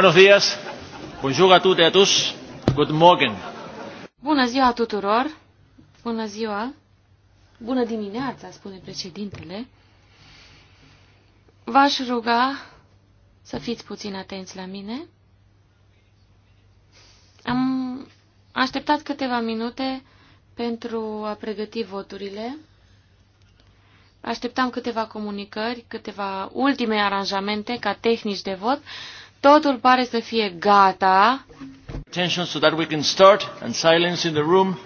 Buenos días. Bonjour à toutes et à tous. Good morning. Bună ziua tuturor. Bună ziua. Bună dimineața, spune președintele. V-aș ruga să fiți puțin atenți la mine. Am așteptat câteva minute pentru a pregăti voturile. Așteptam câteva comunicări, câteva ultime aranjamente ca tehnici de vot, Totul pare să fie gata. Attention so that we can start and silence in the room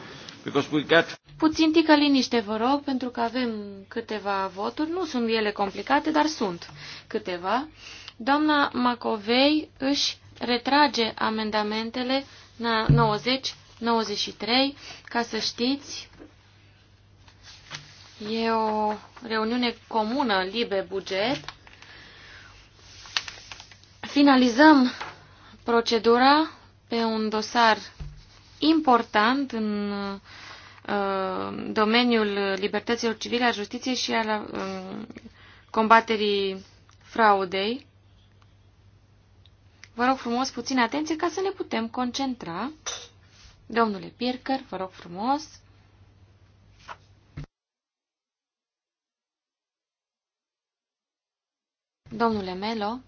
because we got Puțin tică liniște, vă rog, pentru că avem câteva voturi. Nu sunt ele complicate, dar sunt câteva. Doamna Macovei își retrage amendamentele la 90, 93, ca să știți, e o reuniune comună, libe buget, finalizăm procedura pe un dosar important în uh, domeniul libertăților civile, a justiției și a uh, combaterii fraudei. Vă rog frumos puțin atenție ca să ne putem concentra. Domnule Pircăr, vă rog frumos. Domnule Melo.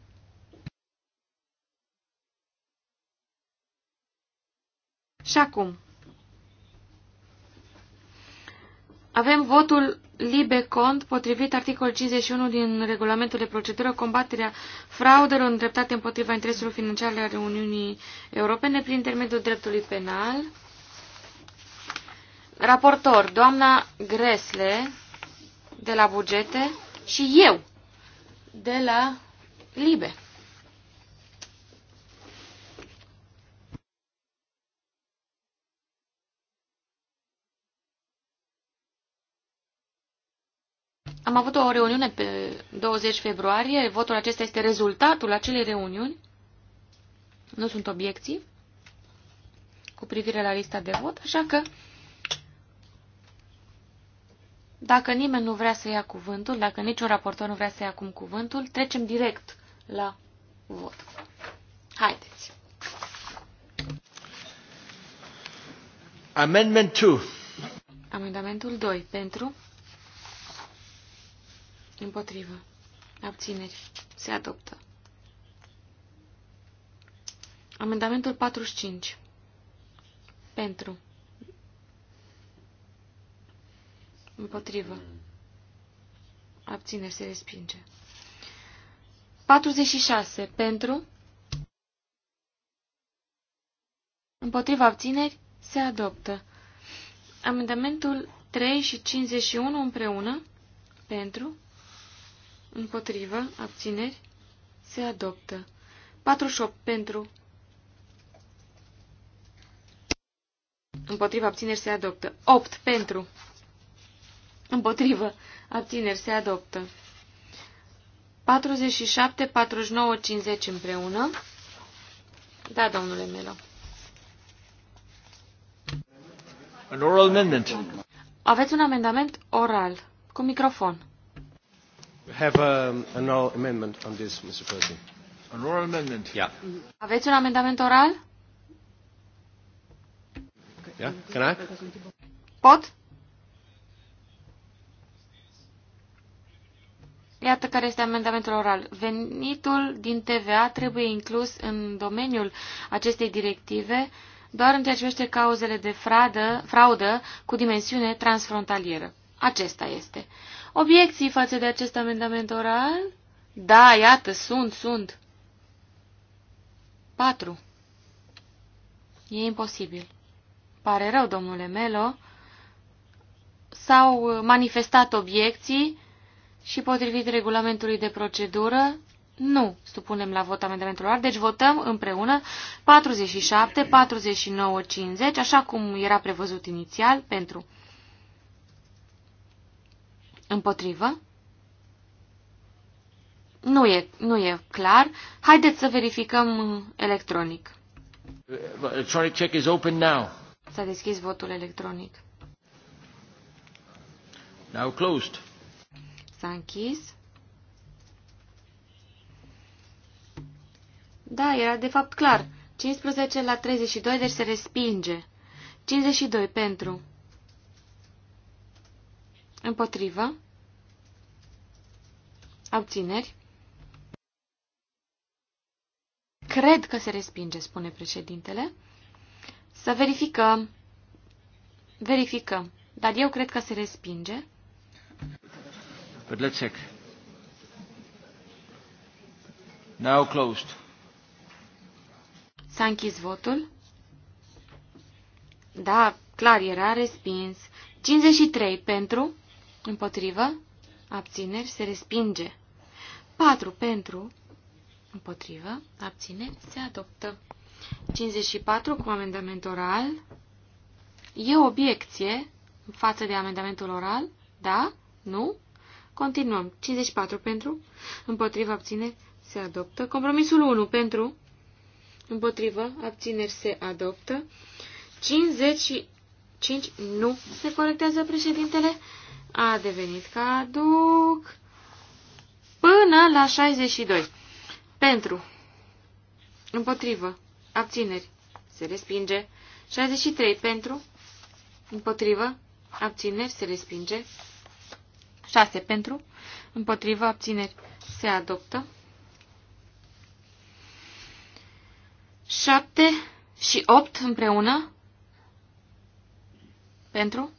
Și acum, avem votul libe cont potrivit articol 51 din regulamentul de procedură combaterea fraudelor îndreptate împotriva intereselor financiare ale Uniunii Europene prin intermediul dreptului penal. Raportor, doamna Gresle de la bugete și eu de la Libe. Am avut o reuniune pe 20 februarie. Votul acesta este rezultatul acelei reuniuni. Nu sunt obiecții cu privire la lista de vot, așa că dacă nimeni nu vrea să ia cuvântul, dacă niciun raportor nu vrea să ia acum cuvântul, trecem direct la vot. Haideți! Amendment 2. Amendamentul 2. Pentru, Împotrivă. Abțineri. Se adoptă. Amendamentul 45. Pentru. Împotrivă. Abțineri. Se respinge. 46. Pentru. Împotriva abțineri. Se adoptă. Amendamentul 3 și 51 împreună. Pentru. Împotrivă. Abțineri. Se adoptă. 48 pentru. Împotrivă. Abțineri. Se adoptă. 8 pentru. Împotrivă. Abțineri. Se adoptă. 47, 49, 50 împreună. Da, domnule Melo. An oral amendment. Aveți un amendament oral, cu microfon have a, um, an oral amendment on this, Mr. President. An oral amendment? Yeah. Aveți un amendament oral? Yeah, can I? Pot? Iată care este amendamentul oral. Venitul din TVA trebuie inclus în domeniul acestei directive doar în ceea ce privește cauzele de fraudă, fraudă cu dimensiune transfrontalieră. Acesta este. Obiecții față de acest amendament oral? Da, iată, sunt, sunt. 4. E imposibil. Pare rău, domnule Melo. S-au uh, manifestat obiecții și potrivit regulamentului de procedură, nu supunem la vot amendamentul oral, deci votăm împreună 47, 49, 50, așa cum era prevăzut inițial, pentru Împotrivă? Nu e, nu e clar. Haideți să verificăm electronic. Electronic check is open now. S-a deschis votul electronic. Now closed. S-a închis. Da, era de fapt clar. 15 la 32, deci se respinge. 52 pentru. Împotrivă. Abțineri. Cred că se respinge, spune președintele. Să verificăm. Verificăm. Dar eu cred că se respinge. But let's check. Now closed. S-a închis votul. Da, clar, era respins. 53 pentru, Împotrivă. Abțineri. Se respinge. 4 pentru. Împotrivă. Abțineri. Se adoptă. 54 cu amendament oral. E obiecție în față de amendamentul oral? Da? Nu? Continuăm. 54 pentru. Împotrivă. Abțineri. Se adoptă. Compromisul 1 pentru. Împotrivă. Abțineri. Se adoptă. 55 nu se corectează președintele a devenit caduc până la 62. Pentru. Împotrivă. Abțineri. Se respinge. 63. Pentru. Împotrivă. Abțineri. Se respinge. 6. Pentru. Împotrivă. Abțineri. Se adoptă. 7 și 8 împreună. Pentru.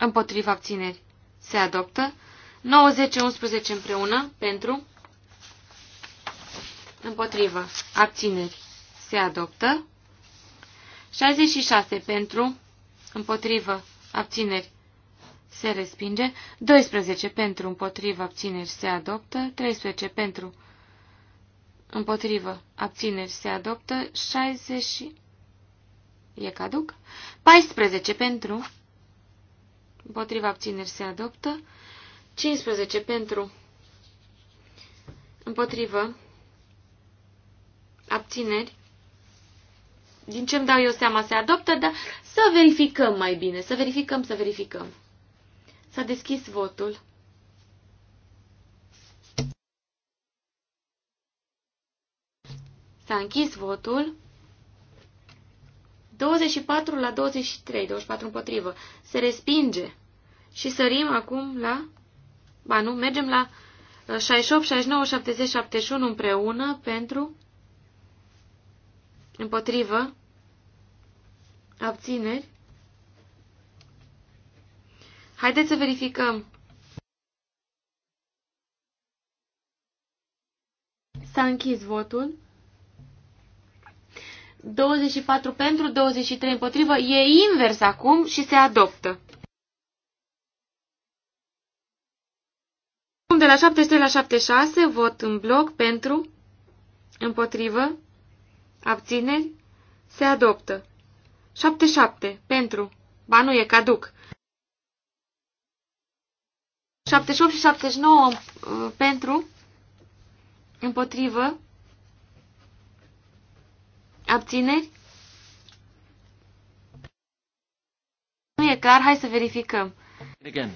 Împotriva abțineri. Se adoptă. 90 11 împreună. Pentru. Împotriva. Abțineri. Se adoptă. 66 pentru. împotriva Abțineri. Se respinge. 12 pentru. împotriva Abțineri. Se adoptă. 13 pentru. Împotrivă. Abțineri. Se adoptă. 60. E caduc. 14 pentru împotriva abțineri se adoptă, 15 pentru, împotrivă, abțineri, din ce îmi dau eu seama se adoptă, dar să verificăm mai bine, să verificăm, să verificăm. S-a deschis votul. S-a închis votul. 24 la 23, 24 împotrivă, se respinge. Și sărim acum la... Ba nu, mergem la 68, 69, 70, 71 împreună pentru... Împotrivă. Abțineri. Haideți să verificăm. S-a închis votul. 24 pentru, 23 împotrivă. E invers acum și se adoptă. Acum de la 73 la 76 vot în bloc pentru, împotrivă, abțineri, se adoptă. 77 pentru, ba nu e caduc. 78 și 79 uh, pentru, împotrivă, Abțineri? Nu e clar, hai să verificăm. Again.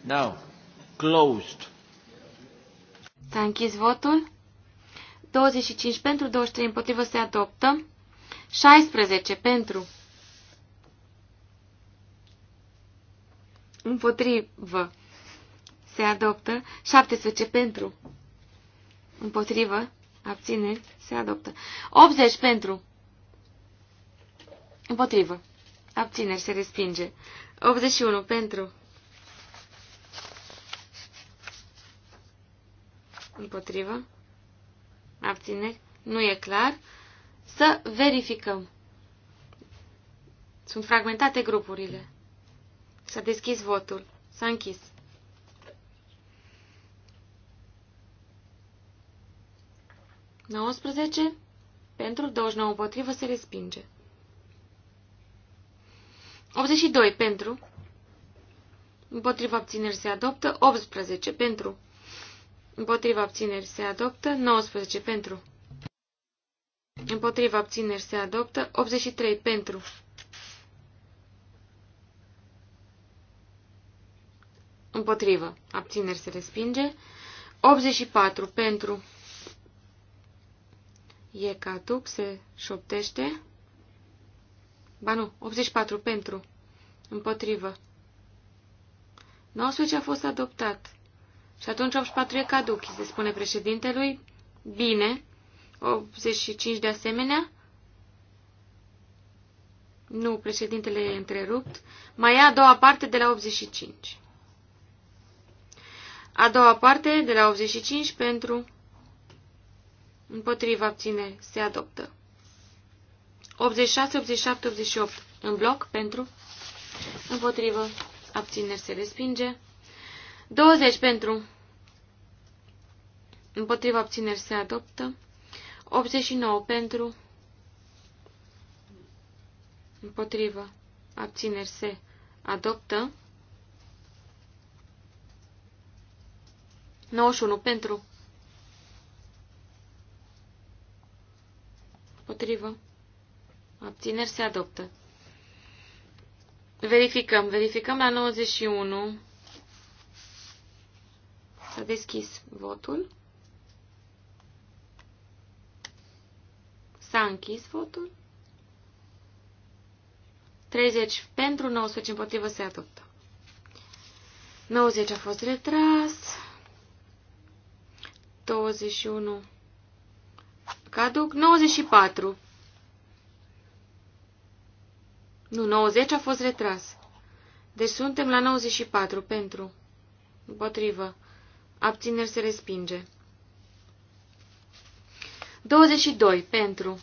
Now. Closed. S-a închis votul. 25 pentru, 23 împotrivă se adoptă. 16 pentru. Împotrivă. Se adoptă. 17 pentru. Împotrivă. Abțineri. Se adoptă. 80 pentru. Împotrivă. Abțineri. Se respinge. 81 pentru. Împotrivă. Abțineri. Nu e clar. Să verificăm. Sunt fragmentate grupurile. S-a deschis votul. S-a închis. 19 pentru, 29 împotrivă, se respinge. 82 pentru, împotriva abțineri se adoptă, 18 pentru, împotriva abțineri se adoptă, 19 pentru, împotriva abțineri se adoptă, 83 pentru. Împotrivă. Abțineri se respinge. 84 pentru. E caduc, se șoptește. Ba nu, 84 pentru. Împotrivă. 19 a fost adoptat. Și atunci 84 e caduc, se spune președintelui. Bine. 85 de asemenea. Nu, președintele e întrerupt. Mai e a doua parte de la 85. A doua parte de la 85 pentru Împotriva abțineri se adoptă. 86, 87, 88 în bloc pentru. Împotrivă abțineri se respinge. 20 pentru. Împotriva abțineri se adoptă. 89 pentru. Împotrivă abțineri se adoptă. 91 pentru. Împotrivă. Abțineri se adoptă. Verificăm. Verificăm la 91. S-a deschis votul. S-a închis votul. 30 pentru, 19 împotrivă se adoptă. 90 a fost retras. 21 caduc. 94. Nu, 90 a fost retras. Deci suntem la 94 pentru. Împotrivă. Abțineri se respinge. 22 pentru.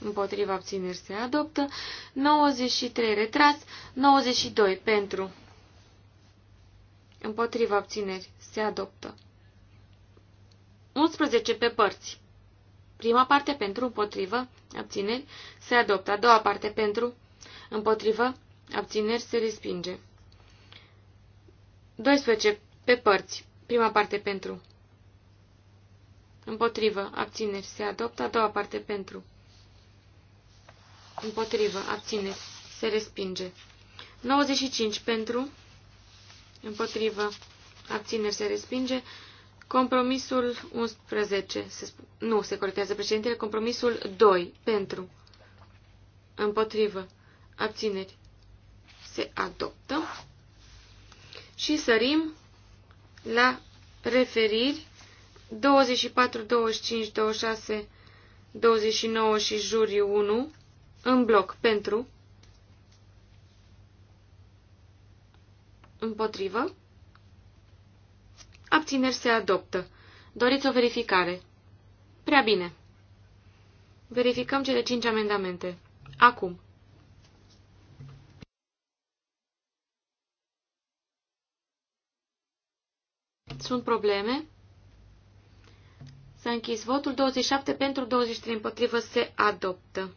Împotriva abțineri se adoptă. 93 retras. 92 pentru. Împotriva abțineri se adoptă. 11 pe părți. Prima parte pentru, împotrivă, abțineri, se adoptă. A doua parte pentru, împotrivă, abțineri, se respinge. 12 pe părți. Prima parte pentru. Împotrivă, abțineri, se adoptă. A doua parte pentru. Împotrivă, abțineri, se respinge. 95 pentru. Împotrivă, abțineri, se respinge. Compromisul 11, se nu, se corectează președintele, compromisul 2, pentru, împotrivă, abțineri, se adoptă. Și sărim la referiri 24, 25, 26, 29 și juriu 1 în bloc pentru împotrivă Abțineri se adoptă. Doriți o verificare. Prea bine. Verificăm cele cinci amendamente. Acum. Sunt probleme? S-a închis votul. 27 pentru, 23 împotrivă se adoptă.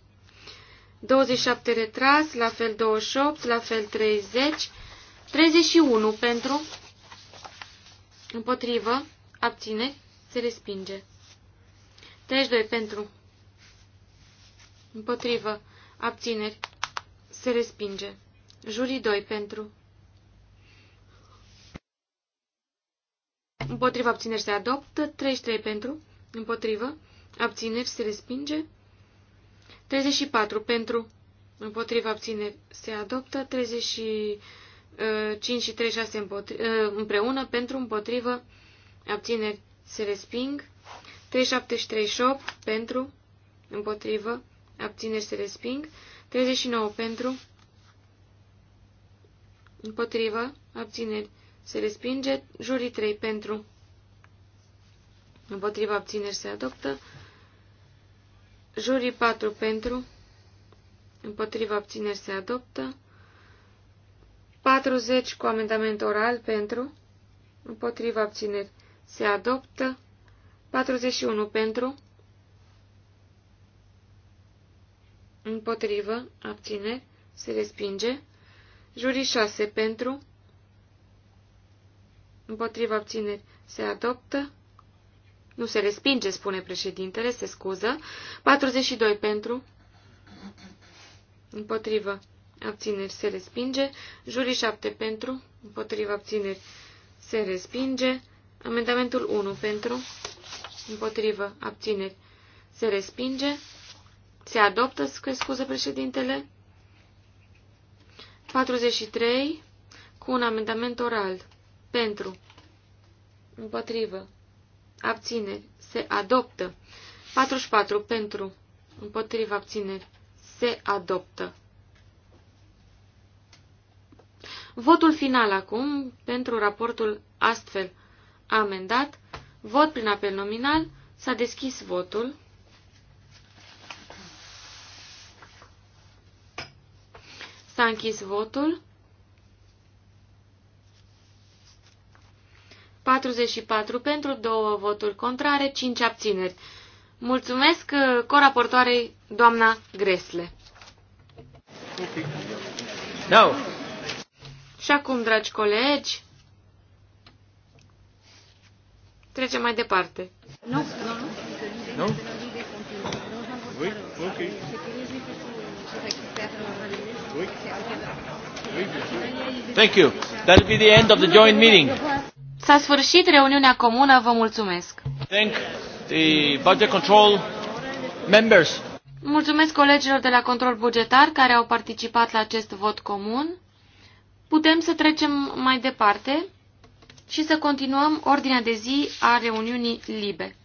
27 retras, la fel 28, la fel 30, 31 pentru, Împotrivă. abține, Se respinge. 32 pentru. Împotrivă. Abțineri. Se respinge. Juri 2 pentru. Împotrivă abțineri se adoptă. 33 pentru. Împotrivă. Abțineri se respinge. 34 pentru. Împotrivă abțineri se adoptă. 35 5 uh, și 3, 6 uh, împreună, pentru, împotrivă, abțineri, se resping. 3, 7 și 3, 8 pentru, împotrivă, abțineri, se resping. 39 pentru, împotrivă, abțineri, se respinge. Jurii 3 pentru, împotrivă, abțineri, se adoptă. Jurii 4 pentru, împotrivă, abțineri, se adoptă. 40 cu amendament oral pentru, împotriva abțineri se adoptă, 41 pentru, împotrivă, abțineri, se respinge, jurii 6 pentru, împotriva abțineri, se adoptă, nu se respinge, spune președintele, se scuză, 42 pentru, împotrivă, abțineri se respinge, jurii 7 pentru, împotriva abțineri se respinge, amendamentul 1 pentru, împotriva abțineri se respinge, se adoptă, scuze președintele, 43 cu un amendament oral pentru, împotrivă, abțineri, se adoptă, 44 pentru, împotriva abțineri, se adoptă. Votul final acum pentru raportul astfel amendat. Vot prin apel nominal. S-a deschis votul. S-a închis votul. 44 pentru, 2 voturi contrare, 5 abțineri. Mulțumesc uh, coraportoarei doamna Gresle. No. Și acum, dragi colegi, trecem mai departe. Nu? Nu? Nu? Oui, ok. Thank you. That will be the end of the joint meeting. S-a sfârșit reuniunea comună, vă mulțumesc. Thank the budget control members. Mulțumesc colegilor de la control bugetar care au participat la acest vot comun putem să trecem mai departe și să continuăm ordinea de zi a reuniunii LIBE.